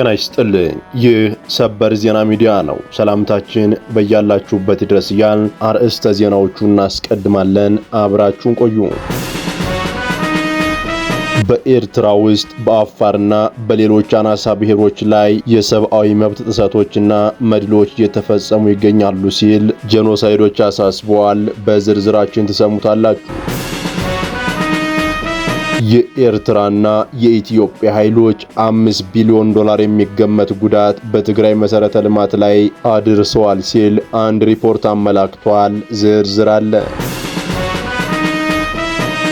ጤና ይስጥልኝ። ይህ ሰበር ዜና ሚዲያ ነው። ሰላምታችን በያላችሁበት ድረስ እያል አርዕስተ ዜናዎቹን እናስቀድማለን። አብራችሁን ቆዩ። በኤርትራ ውስጥ በአፋርና በሌሎች አናሳ ብሔሮች ላይ የሰብአዊ መብት ጥሰቶችና መድሎች እየተፈጸሙ ይገኛሉ ሲል ጄኖሳይዶች አሳስበዋል። በዝርዝራችን ትሰሙታላችሁ። የኤርትራና የኢትዮጵያ ኃይሎች አምስት ቢሊዮን ዶላር የሚገመት ጉዳት በትግራይ መሰረተ ልማት ላይ አድርሰዋል ሲል አንድ ሪፖርት አመላክቷል። ዝርዝር አለ።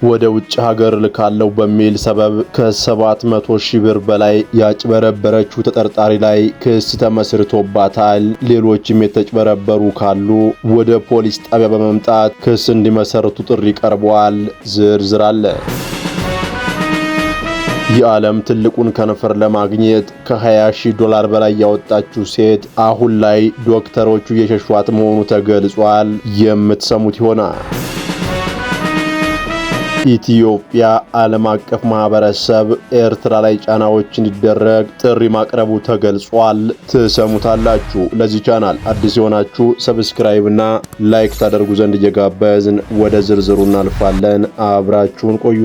ወደ ውጭ ሀገር ልካለው በሚል ሰበብ ከ700 ሺህ ብር በላይ ያጭበረበረችው ተጠርጣሪ ላይ ክስ ተመስርቶባታል። ሌሎችም የተጭበረበሩ ካሉ ወደ ፖሊስ ጣቢያ በመምጣት ክስ እንዲመሰርቱ ጥሪ ቀርቧል። ዝርዝር አለ። የዓለም ትልቁን ከንፈር ለማግኘት ከ20 ሺህ ዶላር በላይ ያወጣችው ሴት አሁን ላይ ዶክተሮቹ የሸሿት መሆኑ ተገልጿል። የምትሰሙት ይሆናል። ኢትዮጵያ ዓለም አቀፍ ማህበረሰብ ኤርትራ ላይ ጫናዎች እንዲደረግ ጥሪ ማቅረቡ ተገልጿል። ትሰሙታላችሁ። ለዚህ ቻናል አዲስ የሆናችሁ ሰብስክራይብ እና ላይክ ታደርጉ ዘንድ እየጋበዝን ወደ ዝርዝሩ እናልፋለን። አብራችሁን ቆዩ።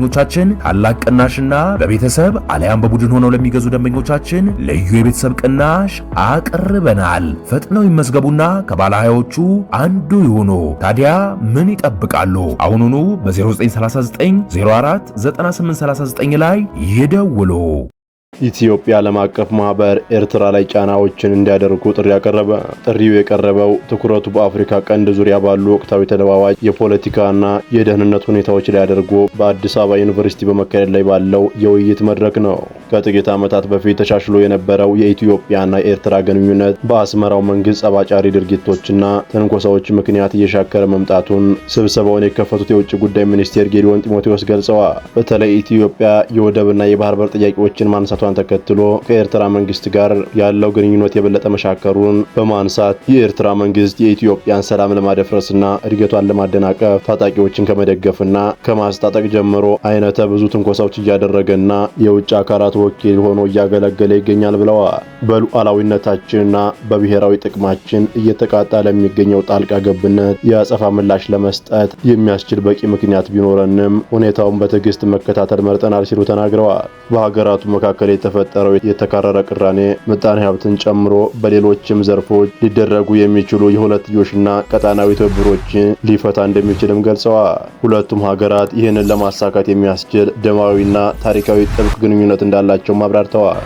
ደንበኞቻችን ታላቅ ቅናሽና በቤተሰብ አሊያም በቡድን ሆነው ለሚገዙ ደንበኞቻችን ልዩ የቤተሰብ ቅናሽ አቅርበናል። ፈጥነው ይመዝገቡና ከባለ አንዱ ይሁኑ። ታዲያ ምን ይጠብቃሉ? አሁኑኑ በ0939 04 9839 ላይ ይደውሉ። ኢትዮጵያ ዓለም አቀፍ ማህበር ኤርትራ ላይ ጫናዎችን እንዲያደርጉ ጥሪ ያቀረበ። ጥሪው የቀረበው ትኩረቱ በአፍሪካ ቀንድ ዙሪያ ባሉ ወቅታዊ ተለዋዋጭ የፖለቲካና የደህንነት ሁኔታዎች ላይ አድርጎ በአዲስ አበባ ዩኒቨርሲቲ በመካሄድ ላይ ባለው የውይይት መድረክ ነው። ከጥቂት ዓመታት በፊት ተሻሽሎ የነበረው የኢትዮጵያና የኤርትራ ግንኙነት በአስመራው መንግስት ጸባጫሪ ድርጊቶችና ተንኮሳዎች ምክንያት እየሻከረ መምጣቱን ስብሰባውን የከፈቱት የውጭ ጉዳይ ሚኒስቴር ጌዲዮን ጢሞቴዎስ ገልጸዋል። በተለይ ኢትዮጵያ የወደብና የባህር በር ጥያቄዎችን ማንሳት መውጣቷን ተከትሎ ከኤርትራ መንግስት ጋር ያለው ግንኙነት የበለጠ መሻከሩን በማንሳት የኤርትራ መንግስት የኢትዮጵያን ሰላም ለማደፍረስና እድገቷን ለማደናቀፍ ታጣቂዎችን ከመደገፍና ከማስታጠቅ ጀምሮ አይነተ ብዙ ትንኮሳዎች እያደረገና የውጭ አካላት ወኪል ሆኖ እያገለገለ ይገኛል ብለዋል። በሉዓላዊነታችንና በብሔራዊ ጥቅማችን እየተቃጣ ለሚገኘው ጣልቃ ገብነት የአጸፋ ምላሽ ለመስጠት የሚያስችል በቂ ምክንያት ቢኖረንም ሁኔታውን በትዕግስት መከታተል መርጠናል ሲሉ ተናግረዋል። በሀገራቱ መካከል የተፈጠረው የተካረረ ቅራኔ ምጣኔ ሀብትን ጨምሮ በሌሎችም ዘርፎች ሊደረጉ የሚችሉ የሁለትዮሽና ቀጣናዊ ትብብሮችን ሊፈታ እንደሚችልም ገልጸዋል። ሁለቱም ሀገራት ይህንን ለማሳካት የሚያስችል ደማዊና ታሪካዊ ጥብቅ ግንኙነት እንዳላቸውም አብራርተዋል።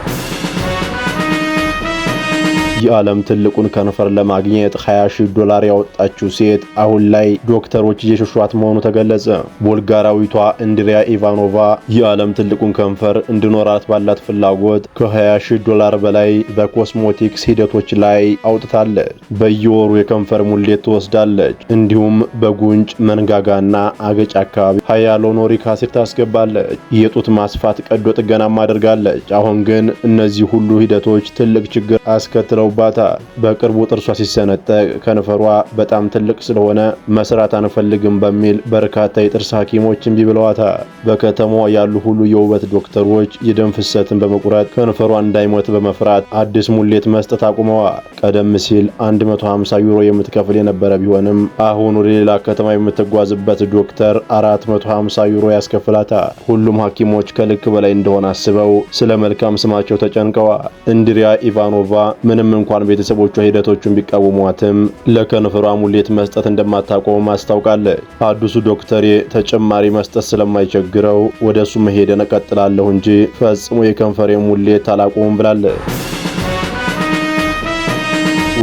የዓለም ትልቁን ከንፈር ለማግኘት 20 ሺህ ዶላር ያወጣችው ሴት አሁን ላይ ዶክተሮች እየሸሿት መሆኑ ተገለጸ። ቦልጋራዊቷ እንድሪያ ኢቫኖቫ የዓለም ትልቁን ከንፈር እንዲኖራት ባላት ፍላጎት ከ20 ሺህ ዶላር በላይ በኮስሞቲክስ ሂደቶች ላይ አውጥታለች። በየወሩ የከንፈር ሙሌት ትወስዳለች። እንዲሁም በጉንጭ መንጋጋና አገጭ አካባቢ ሃያሎኖሪክ አሲድ ታስገባለች። የጡት ማስፋት ቀዶ ጥገናም አድርጋለች። አሁን ግን እነዚህ ሁሉ ሂደቶች ትልቅ ችግር አስከትለው ይደርሱባታል። በቅርቡ ጥርሷ ሲሰነጠቅ ከንፈሯ በጣም ትልቅ ስለሆነ መስራት አንፈልግም በሚል በርካታ የጥርስ ሐኪሞች እምቢ ብለዋታል። በከተማዋ ያሉ ሁሉ የውበት ዶክተሮች የደም ፍሰትን በመቁረጥ ከንፈሯ እንዳይሞት በመፍራት አዲስ ሙሌት መስጠት አቁመዋል። ቀደም ሲል 150 ዩሮ የምትከፍል የነበረ ቢሆንም አሁን ወደ ሌላ ከተማ የምትጓዝበት ዶክተር 450 ዩሮ ያስከፍላታል። ሁሉም ሐኪሞች ከልክ በላይ እንደሆነ አስበው ስለ መልካም ስማቸው ተጨንቀዋል። እንድሪያ ኢቫኖቫ ምንም እንኳን ቤተሰቦቿ ሂደቶቹን ቢቃወሟትም ለከንፈሯ ሙሌት መስጠት እንደማታቆም አስታውቃለች። አዲሱ ዶክተሬ ተጨማሪ መስጠት ስለማይቸግረው ወደ እሱ መሄደን እቀጥላለሁ እንጂ ፈጽሞ የከንፈሬ ሙሌት አላቆምም ብላለች።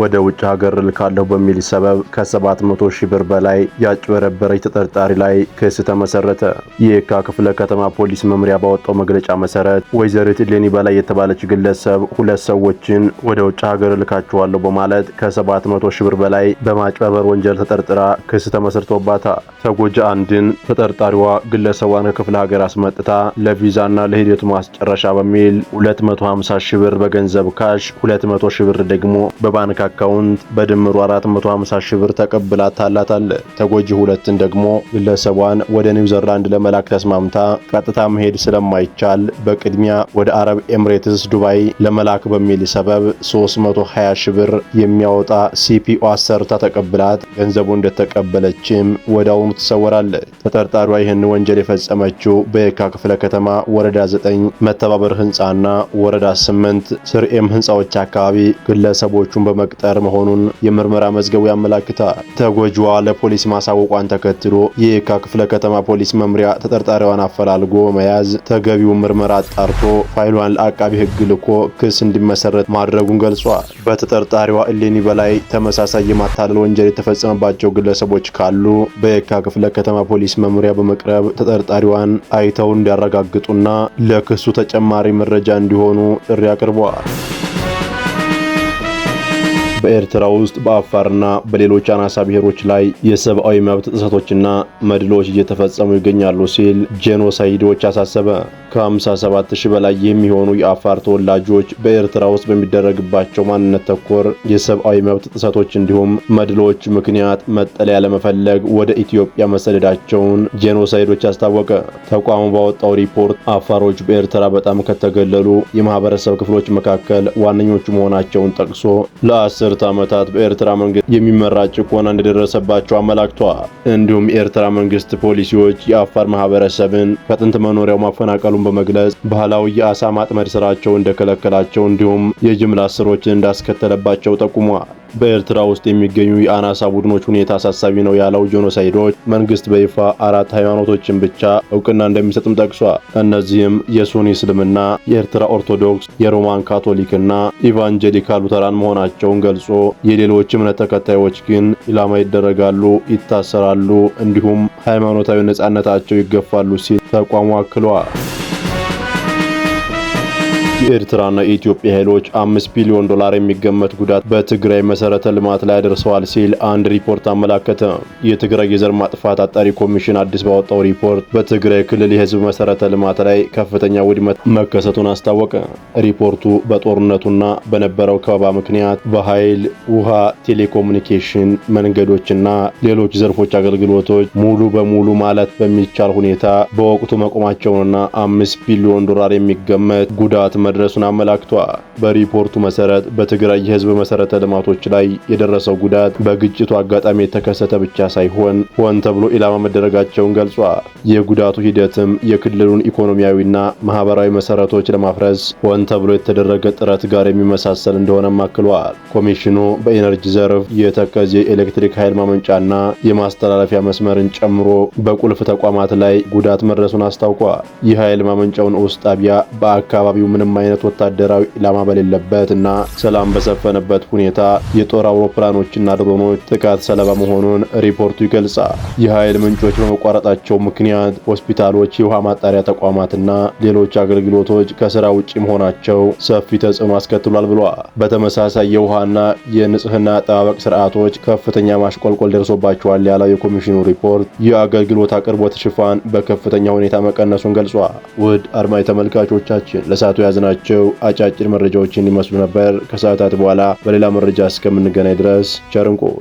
ወደ ውጭ ሀገር ልካለሁ በሚል ሰበብ ከ700 ሺህ ብር በላይ ያጭበረበረች ተጠርጣሪ ላይ ክስ ተመሰረተ። የካ ክፍለ ከተማ ፖሊስ መምሪያ ባወጣው መግለጫ መሰረት ወይዘሪት ሌኒ በላይ የተባለች ግለሰብ ሁለት ሰዎችን ወደ ውጭ ሀገር ልካችኋለሁ በማለት ከ700 ሺህ ብር በላይ በማጭበርበር ወንጀል ተጠርጥራ ክስ ተመሰርቶባታል። ተጎጂ አንድን ተጠርጣሪዋ ግለሰቧን ከክፍለ ሀገር አስመጥታ ለቪዛና ለሂደቱ ማስጨረሻ በሚል 250 ሺህ ብር በገንዘብ ካሽ 200 ሺህ ብር ደግሞ በባንክ አካውንት በድምሩ 450 ሺህ ብር ተቀብላ ታላታለ። ተጎጂ ሁለትን ደግሞ ግለሰቧን ወደ ኒውዚላንድ ለመላክ ተስማምታ ቀጥታ መሄድ ስለማይቻል በቅድሚያ ወደ አረብ ኤምሬትስ ዱባይ ለመላክ በሚል ሰበብ 320 ሺህ ብር የሚያወጣ ሲፒኦ አሰርታ ተቀብላት ገንዘቡ እንደተቀበለችም ወዲያውኑ ትሰወራለ። ተጠርጣሪዋ ይህን ወንጀል የፈጸመችው በየካ ክፍለ ከተማ ወረዳ 9 መተባበር ህንፃና ወረዳ 8 ስርኤም ህንፃዎች አካባቢ ግለሰቦቹን በመ መቅጠር መሆኑን የምርመራ መዝገቡ ያመላክታል። ተጎጂዋ ለፖሊስ ማሳወቋን ተከትሎ የየካ ክፍለ ከተማ ፖሊስ መምሪያ ተጠርጣሪዋን አፈላልጎ መያዝ ተገቢውን ምርመራ አጣርቶ ፋይሏን ለአቃቢ ሕግ ልኮ ክስ እንዲመሰረት ማድረጉን ገልጿል። በተጠርጣሪዋ እሌኒ በላይ ተመሳሳይ የማታለል ወንጀል የተፈጸመባቸው ግለሰቦች ካሉ በየካ ክፍለ ከተማ ፖሊስ መምሪያ በመቅረብ ተጠርጣሪዋን አይተው እንዲያረጋግጡና ለክሱ ተጨማሪ መረጃ እንዲሆኑ ጥሪ አቅርበዋል። በኤርትራ ውስጥ በአፋርና በሌሎች አናሳ ብሔሮች ላይ የሰብአዊ መብት ጥሰቶችና መድሎች እየተፈጸሙ ይገኛሉ ሲል ጄኖሳይዶች አሳሰበ። ከ57 ሺህ በላይ የሚሆኑ የአፋር ተወላጆች በኤርትራ ውስጥ በሚደረግባቸው ማንነት ተኮር የሰብአዊ መብት ጥሰቶች እንዲሁም መድሎች ምክንያት መጠለያ ለመፈለግ ወደ ኢትዮጵያ መሰደዳቸውን ጄኖሳይዶች አስታወቀ። ተቋሙ ባወጣው ሪፖርት አፋሮች በኤርትራ በጣም ከተገለሉ የማህበረሰብ ክፍሎች መካከል ዋነኞቹ መሆናቸውን ጠቅሶ ለአስርት ዓመታት በኤርትራ መንግስት የሚመራ ጭቆና እንደደረሰባቸው አመላክቷል። እንዲሁም የኤርትራ መንግስት ፖሊሲዎች የአፋር ማህበረሰብን ከጥንት መኖሪያው ማፈናቀሉ መሆናቸውን በመግለጽ ባህላዊ የአሳ ማጥመድ ስራቸው እንደከለከላቸው እንዲሁም የጅምላ እስሮችን እንዳስከተለባቸው ጠቁሟል። በኤርትራ ውስጥ የሚገኙ የአናሳ ቡድኖች ሁኔታ አሳሳቢ ነው ያለው ጄኖሳይዶች መንግስት በይፋ አራት ሃይማኖቶችን ብቻ እውቅና እንደሚሰጥም ጠቅሷል። እነዚህም የሱኒ እስልምና፣ የኤርትራ ኦርቶዶክስ፣ የሮማን ካቶሊክና ኢቫንጀሊካ ሉተራን መሆናቸውን ገልጾ የሌሎች እምነት ተከታዮች ግን ኢላማ ይደረጋሉ፣ ይታሰራሉ፣ እንዲሁም ሃይማኖታዊ ነጻነታቸው ይገፋሉ ሲል ተቋሙ አክሏል። የኤርትራና የኢትዮጵያ ኃይሎች አምስት ቢሊዮን ዶላር የሚገመት ጉዳት በትግራይ መሰረተ ልማት ላይ አደርሰዋል ሲል አንድ ሪፖርት አመላከተ። የትግራይ የዘር ማጥፋት አጣሪ ኮሚሽን አዲስ ባወጣው ሪፖርት በትግራይ ክልል የህዝብ መሰረተ ልማት ላይ ከፍተኛ ውድመት መከሰቱን አስታወቀ። ሪፖርቱ በጦርነቱና በነበረው ከበባ ምክንያት በኃይል፣ ውሃ፣ ቴሌኮሙኒኬሽን፣ መንገዶችና ሌሎች ዘርፎች አገልግሎቶች ሙሉ በሙሉ ማለት በሚቻል ሁኔታ በወቅቱ መቆማቸውንና አምስት ቢሊዮን ዶላር የሚገመት ጉዳት መድረሱን አመላክቷል። በሪፖርቱ መሰረት በትግራይ የህዝብ መሰረተ ልማቶች ላይ የደረሰው ጉዳት በግጭቱ አጋጣሚ የተከሰተ ብቻ ሳይሆን ሆን ተብሎ ኢላማ መደረጋቸውን ገልጿል። የጉዳቱ ሂደትም የክልሉን ኢኮኖሚያዊና ማህበራዊ መሰረቶች ለማፍረስ ሆን ተብሎ የተደረገ ጥረት ጋር የሚመሳሰል እንደሆነም አክሏል። ኮሚሽኑ በኤነርጂ ዘርፍ የተከዜ የኤሌክትሪክ ኃይል ማመንጫና የማስተላለፊያ መስመርን ጨምሮ በቁልፍ ተቋማት ላይ ጉዳት መድረሱን አስታውቋል። የኃይል ማመንጫውን ውስጥ ጣቢያ በአካባቢው ምንም ምንም አይነት ወታደራዊ ኢላማ በሌለበት እና ሰላም በሰፈነበት ሁኔታ የጦር አውሮፕላኖችና ድሮኖች ጥቃት ሰለባ መሆኑን ሪፖርቱ ይገልጻል። የኃይል ምንጮች በመቋረጣቸው ምክንያት ሆስፒታሎች፣ የውሃ ማጣሪያ ተቋማትና ሌሎች አገልግሎቶች ከስራ ውጭ መሆናቸው ሰፊ ተጽዕኖ አስከትሏል ብሏል። በተመሳሳይ የውሃና የንጽህና አጠባበቅ ስርዓቶች ከፍተኛ ማሽቆልቆል ደርሶባቸዋል ያለው የኮሚሽኑ ሪፖርት የአገልግሎት አቅርቦት ሽፋን በከፍተኛ ሁኔታ መቀነሱን ገልጿል። ውድ አድማጭ ተመልካቾቻችን ለሳቱ ያዝ ያዘጋጀናቸው አጫጭር መረጃዎችን ይመስሉ ነበር። ከሰዓታት በኋላ በሌላ መረጃ እስከምንገናኝ ድረስ ቸርንቆ